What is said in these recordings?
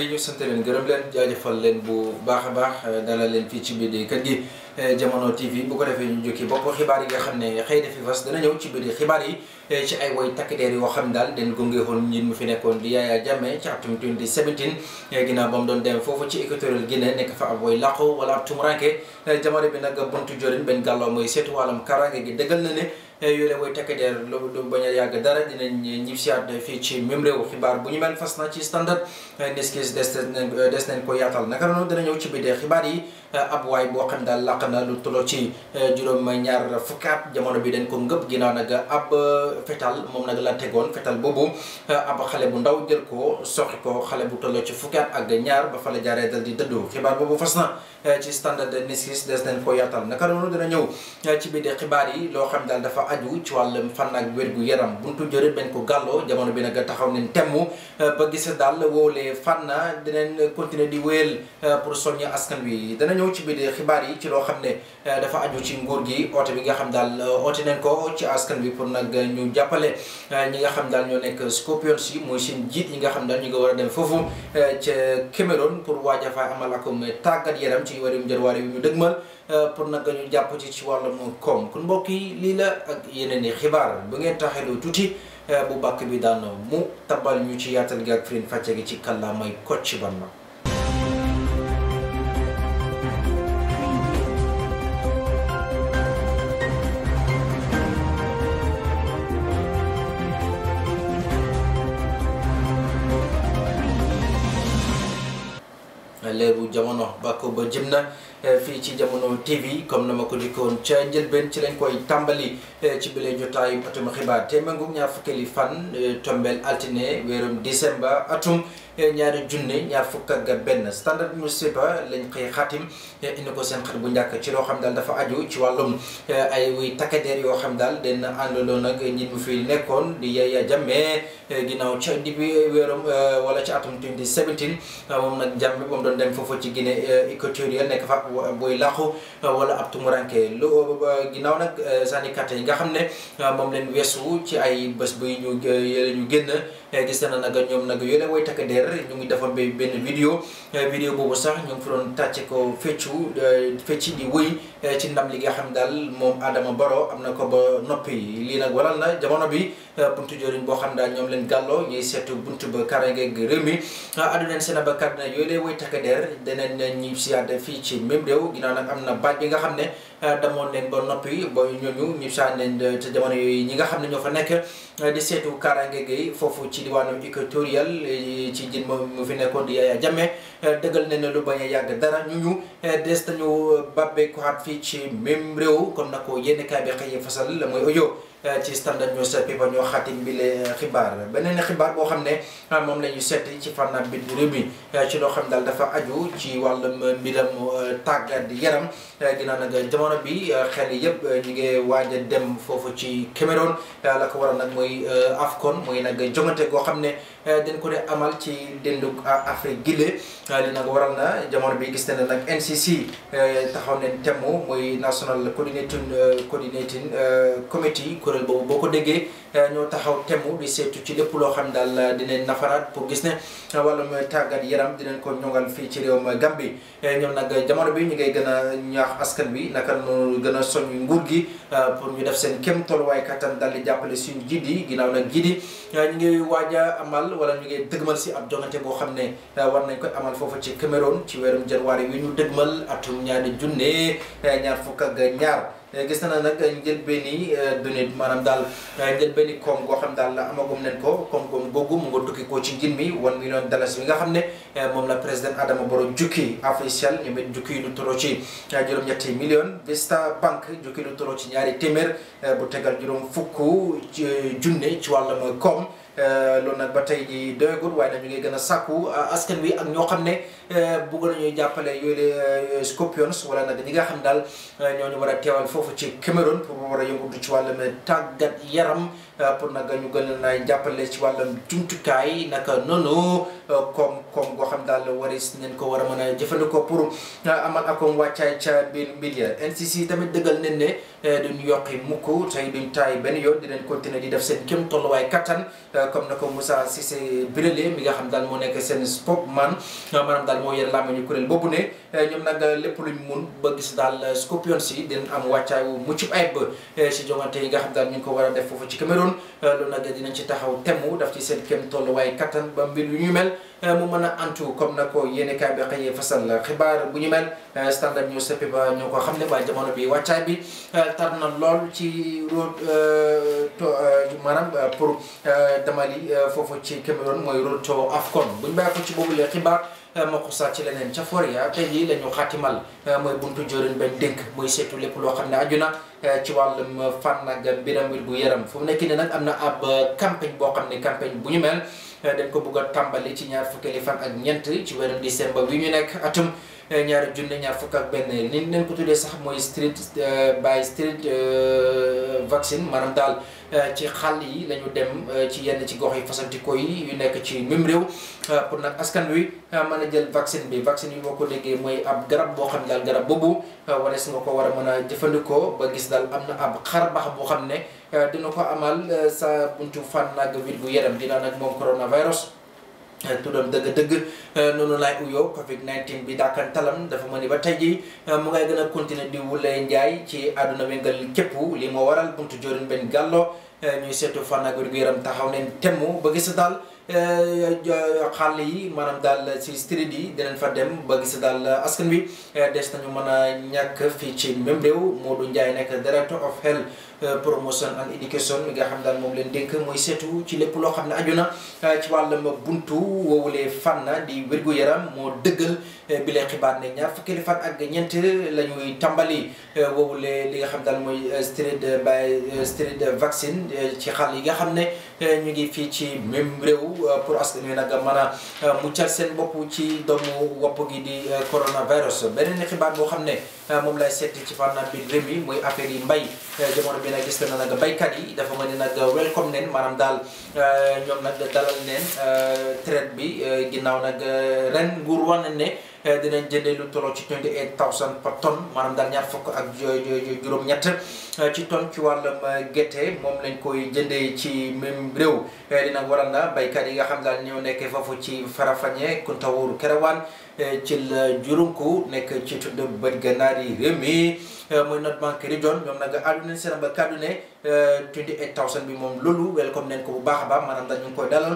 yi ñu sant leen gërëm leen jaajëfal leen bu baax a baax eh, dalal leen fii ci biir kër gi eh, jamono TV bu ko defee ñu jukki bopp xibaar yi nga xam ne xëy na fi fas dana ñëw ci biir xibaar yi eh, ci ay woy takk der yoo xam daal den gunge woon mu fi nekkoon di Yaya Jammeh ci atum 2017 ginnaaw ba mu doon dem foofu ci Équatorial Guinée nekk fa ab woy làqu wala ab tumuranke jamono bi nag buntu jorin benn gàlloo mooy seetu wàllam karange gi dëggal na ne Eh, yooyu la mooy takk der loolu du bañ a yàgg dara dinañ ñib siyaat fii ci même réew xibaar bu ñu mel fas na ci standard eh, niskis des des nañ ko yaatal naka noonu dina ñëw ci biir xibaar eh, na lu tolloo ci juróom ñaar fukkaat jamono bi dañ ko ngëb ginnaaw ko soxi ko xale bu tolloo ci fukkaat ak ñaar ba fa la jaaree dal di dëddu xibaar boobu fas na xibaar yi loo xam daal dafa aju ci fan fànn ak wér-gu-yaram buntu jërit bañ ko gàlloo jamono bi nag taxaw nañ temm eh, ba gis daal woowlee fànn dinañ continuer di wéyal eh, pour soññ askan wi dana ñëw ci biir xibaar yi ci loo xam ne eh, dafa aju ci nguur gi oote bi nga xam daal oote nañ ko ci askan wi pour nag ñu jàppale ñi nga xam daal ñoo nekk Scorpions yi mooy seen jiit yi nga xam daal ñu nga war a dem foofu ca Cameroun pour waaj a fa amal akum tàggat yaram ci warum jërwaare bi ñu dëgmal Euh, pour nag ñu jàpp ci ci wàllum koom kon mbokk yi lii la ak yeneen i xibaar bu ngeen taxeloo tuuti euh, bu bàkk bi daan mu tabal ñu ci yaatal gi ak firin fàcce gi ci kàllaamay Kocc Barma leeru jamono ba jëm na Eh, fii ci jamono TV comme na ma ko dikkoon ca njëlbeen ci lañ koy tàmbali eh, ci bile jotaayu atum xibaar te mangum ñaar fukkeeli fan eh, tombel altine weerum décembre atum ñaari junne ñaar fukk ga benn standard musiba lañ koy xaatim indi ko seen xar bu njàkk ci loo xam daal dafa aju ci wàllum ay wuy takkadeer yoo xam daal den àndaloon ak ñi mu fi nekkoon di Yaya Jammeh Eh, ginnaaw ca di bi wéeram wala ci atum 2017 eh, moom nag Jammeh moom doon dem foofu ci Guinée équatoriale eh, nekk fa buy làqu wala ab tumuranke lu ginnaaw nag sànni kàtt yi nga xam ne moom leen weesu ci ay bés buy ñu ñu génn Eh, gis na nag ñoom nag yooyu la way takk der ñu ngi defoon ba benn vidéo eh, vidéo boobu sax ñu ngi fi doon tàcce ko feccu eh, fecci di wëy ci ndam li nga xam daal moom Adama baro am na ko ba noppi lii nag waral na jamono bi buntu joriñ boo xam daal ñoom leen gàlloo ñuy seetu ba karangeeg réew mi ah, adduneen seen ba kàddina yooyu lay way takk der deneen si siyaat fii ci même réew ginnaaw nag am na baaj bi nga xam ne demoon neen ba noppi ba ñooñu ñu changé leen ca jamono yooyu ñi nga xam ne ñoo fa nekk di seetu kaaraange gi foofu ci diwaanu équatorial ci jën mu fi nekkoon di Yaya Jammeh dëggal ne lu bañ a yàgg dara ñu ñu des nañu bàbbeekuwaat fii ci même réew kon na ko yenn kaay bi xëy fasal mooy audio Euh, ci standard news euh, people ñoo xatim bi le euh, xibaar beneen xibaar boo xam ne moom la ñu ci fànn bi réew mi ci loo xam daal dafa aju ci wàllum mbiram tàggat yaram ginnaaw nag jamono bi xel yëpp ñu ngi a dem foofu ci Cameroun la ko waral nag mooy AFCON mooy nag jongante goo xam ne dañ ko dee amal ci dendug Afrique gile li nag waral na jamono bi gis nañ nag NCC taxaw nañ temm mooy National Coordinating Coordinating Committee kurel bobu boko ko eh, ñoo taxaw temu di seetu ci lépp lo xam dal eh, di leen nafaraat pour gis ne eh, wàllum tagat yaram di leen ko ñongal fi ci réewum gambi ñoom nak jamono bi ñi ngay gëna a ñaax askan bi nak noonu gëna soñ nguur gi pour ñu def seen kem tol way katan dal di jàppale suñ jidi ginaaw nak jidi ñi ngay waja amal wala ñi ngay dëgmal ci ab jonganté bo xam war nañ ko amal fofu ci Cameroun ci weerum janvier wi ñu dëgmal atum ñaani junné ñaar fukk ak ñaar Eh, gis na nag njël benni eh, dunit maanaam daal eh, njël benni koom goo xam daal amagum ko koom-koom googu mu nga tukki koo ci njël mi one million dollars bi nga xam ne moom la président Adama Barrow jukki officiel ñu mit jukki lu toloo ci juróom-ñetti million Vista Bank jukki lu toloo ci ñaari téeméer bu tegal juróom fukk junne ci wàllum koom Euh, loolu nag ba tey ji doyagul waaye nag ñu ngi gën a sàkku euh, askan wi ak ñoo xam ne euh, bëgg ñuy jàppale yooyu les scorpions wala nag ñi nga xam daal ñoo ñu war a teewal foofu ci Cameroun pour war a yëngatu ci wàllum tàggat yaram pour nag ñu gën leen a jàppale ci wàllum jumtukaay naka noonu koom-koom goo xam daal waris nañ ko war a mën a jëfandikoo pour amal akoom wàccaay ca biir milieu NCC tamit dëggal nañ ne duñ yokki mukk tey duñ taay benn yoon dinañ continuer di def seen kéem tolluwaay kattan Euh, comme na ko Moussa Cissé Birélé mi nga xam daal moo nekk seen spokesman maanaam daal moo yore làmmiñu kuréel boobu ne euh, ñoom nag lépp luñ mun ba gis daal Scorpions yi dinañ am wàccaay wu mucc ayib euh, si jongante yi nga xam daal ñu ngi ko war a def foofu ci Cameroun loolu nag dinañ ci taxaw temu daf ci seen kéem waaye kattan ba mbir yu ñu mel mu mën a antu comme na ko yéene kaay bi xëyee fasal xibaar bu ñu mel Euh, standard Giuseppe ba ñoo ko xam ne waaye jamono bi wàccaay bi euh, tar na lool ci road euh, maanaam pour damali foofu ci Cameroun mooy road to AFCON bu ñu bàyyi ko ci boobu lee xibaar Makusa ci leneen ca Foria ah, tey jii la ñu xaatimal mooy buntu jorin bañ dénk mooy seetu lépp loo xam ne aju na ci wàllum fànn ak mbiram wér bu yaram fu mu nekk nii nag am na ab campagne boo xam ne campagne bu ñu mel. Eh, dañ ko bugg a tàmbali ci ñaar fukkeeli fan ak ñeent ci weeru décembre bi ñu nekk atum eh, ñaari junne ñaar fukk ak benn ni nañ ko tuddee sax mooy street eh, by street vaccine maanaam daal Euh, ci xàll yi lañu dem euh, ci yenn ci gox yi fasantikoo yi yu nekk ci même réew euh, pour nag askan wi mën a jël vaccine bi vaccin yi boo ko déggee mooy ab garab boo xam ne daal garab boobu wala si nga ko war a mën a jëfandikoo ba gis daal am na ab xar boo xam ne dina ko amal sa buntu fànn nag wér gu yaram dina nag moom coronavirus. Eh, turam dëgg-dëgg eh, noonu laay uyoo Covid 19 bi dàkkantalam dafa ma ni ba tey jii eh, mu ngay gën a continuer di wulee njaay ci àdduna wéngal képp li moo waral buntu Joorin benn gàllo ñuy seetu fan ak wér-gu-yaram taxaw nañ temm ba gis daal xal yi maanaam daal si street yi dinañ fa dem ba gis daal askan wi des nañu mën a ñàkk fii ci même réew Modou Ndiaye nekk director of health Euh, promotion and education mi nga xam daal moom leen dénk mooy seetu ci lépp loo xam ne aju na euh, ci wàllum buntu fan na di wér-gu-yaram moo dëggal euh, bi leen xibaar ne ñaar fukki fan ak ñeent la ñuy tàmbali woowulee li nga xam daal mooy street by street vaccine ci xal yi nga xam ne Eh, ñu ngi fii ci même réew euh, pour askan wi nag mën a euh, ca seen bopp ci doomu wopp gi di euh, coronavirus beneen xibaar boo xam ne moom lay seeti ci fànn bi réew mi muy affaire yi mbay eh, jamono bi nag gis na nag baykat yi dafa mel ni nag welcome neen maanaam daal ñoom nag dalal neen traite bi ginnaaw nag ren nguur wan ne Eh, dinañ jëndee lu tolloo ci twenty eight thousand par tonne maanaam daal ñaar fukk ak juróom-ñett eh, ci tonne ci wàllum eh, gerte moom lañ koy jëndee ci même réew dina waral na baykat yi nga xam daal ñoo nekk foofu ci Farafenni Kuntawur Kerewan ci la Jurunku nekk ci tudd bët ganaar yi réew mi muy North Bank Region ñoom nag àdduna seen ba kàddu ne 28000 euh, bi moom loolu welcome nañ ko bu baax a baax maanaam dañu ngi koy dalal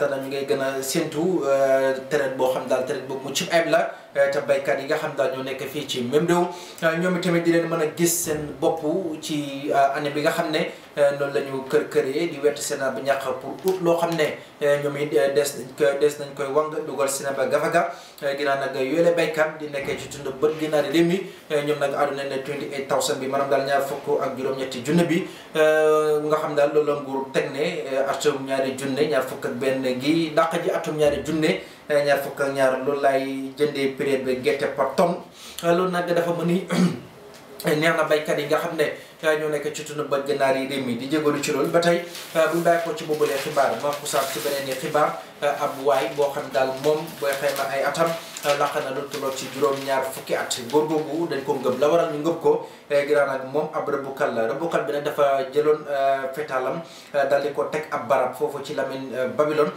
te dañu ngay gën a séntu euh, traite boo xam daal traite boobu mu cib ayib la Eh, te baykat yi nga xam daal ñoo nekk fii ci même réew eh, ñoom tamit di leen mën a gis seen bopp ci eh, année bi nga xam ne noonu la ñu kër këree di wett seen ab ñàq pour ut loo xam ne ñoom it des des nañ koy wang dugal seen ba gafaga ginnaaw nag yoolee baykat di nekkee ci tund bët ginnaaw di réew mi ñoom nag àdduna ne 28000 bi maanaam daal ñaar fukk ak juróom-ñetti junne bi nga xam daal loolu la nguur teg ne atum ñaari junne ñaar fukk ak benn gi dàq ji atum ñaari junne ñaar fukk ak ñaar loolu laay jëndee période bi gerte par tonne loolu nag dafa mën ni neex na baykat yi nga xam ne euh, ñoo nekk ci tund ba gànnaar yi réew mi di jégalu ci loolu ba tey euh, bu ñu bàyyi ko ci boobulee xibaar ma xusaat ci beneen yi xibaar euh, ab waay boo xam daal moom booy xayma ay atam laq na lu tolloog ci juróom-ñaar fukki at góor googu dañ ko ngëb la waral ñu ngëb ko eh, ginnaaw nag moom ab rëbbukat la rëbbukat bi nag dafa jëloon eh, fetalam eh, daal di ko teg ab barab foofu ci Lamine Babylone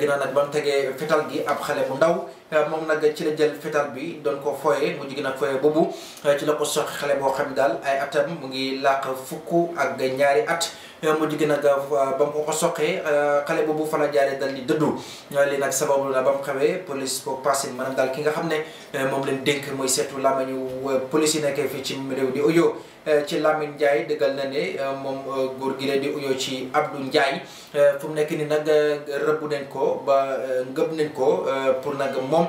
ginnaaw nag ba tegee fetal gi ab xale bu ndaw Euh, moom nag ci la jël fetal bi doon ko foye mu jigéen nag foye boobu euh, ci la ko sox xale boo xam daal ay atam mu ngi làq fukk ak ñaari at euh, mu jigéen nag ba mu ko soqee xale boobu fa la jaaree dal di dëddu lii nag sababu la ba mu xawee police boo passé daal ki nga xam ne moom leen dénk mooy seetu làmmiñu police yi nekkee fii ci réew di Oyo ci Lamine Ndiaye dëggal na ne euh, moom euh, góor gi la di uyoo ci Abdou Ndiaye euh, fu mu nekk ni nag rëbb nañ ko ba ngëb nañ ko pour nag moom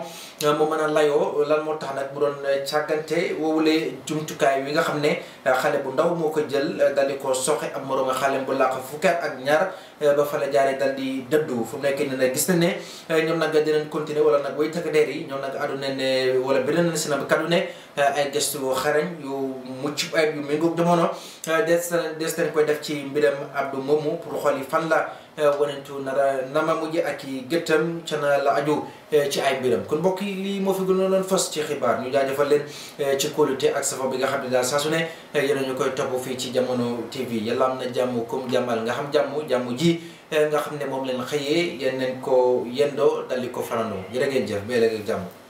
mu mën a layoo lan moo tax nag mu doon càggante woowule jumtukaay wi nga xam ne xale bu ndaw moo ko jël dal di ko soxe am moroom xale bu làq fukki at ak ñaar ba fa la jaaree dal di dëddu fu mu nekk ni nag gis na ne ñoom nag dinañ continuer wala nag way takk deer yi ñoom nag àdduna ne wala beneen na si na ne ay gëstu xarañ yu mucc méngoog jamono euh, des des dañ koy def ci mbiram Abdou moomu pour xool yi fan la euh, wanentu nara nama mujj ak i gëttam ca naa la aju euh, ci ay mbiram kon mbokk yi lii moo fi gënoon doon fas ci xibaar ñu jaajëfal leen ci kóolute ak safa bi nga xam ne daal saa su ne yéen ñu koy topp fii ci jamono TV yàlla am na jàmm comme jàmmal nga xam jàmm jàmm ji nga xam ne moom leen xëyee yéen nañ ko yendoo dal di ko farandoo jërë ngeen jëf bee léegi jàmm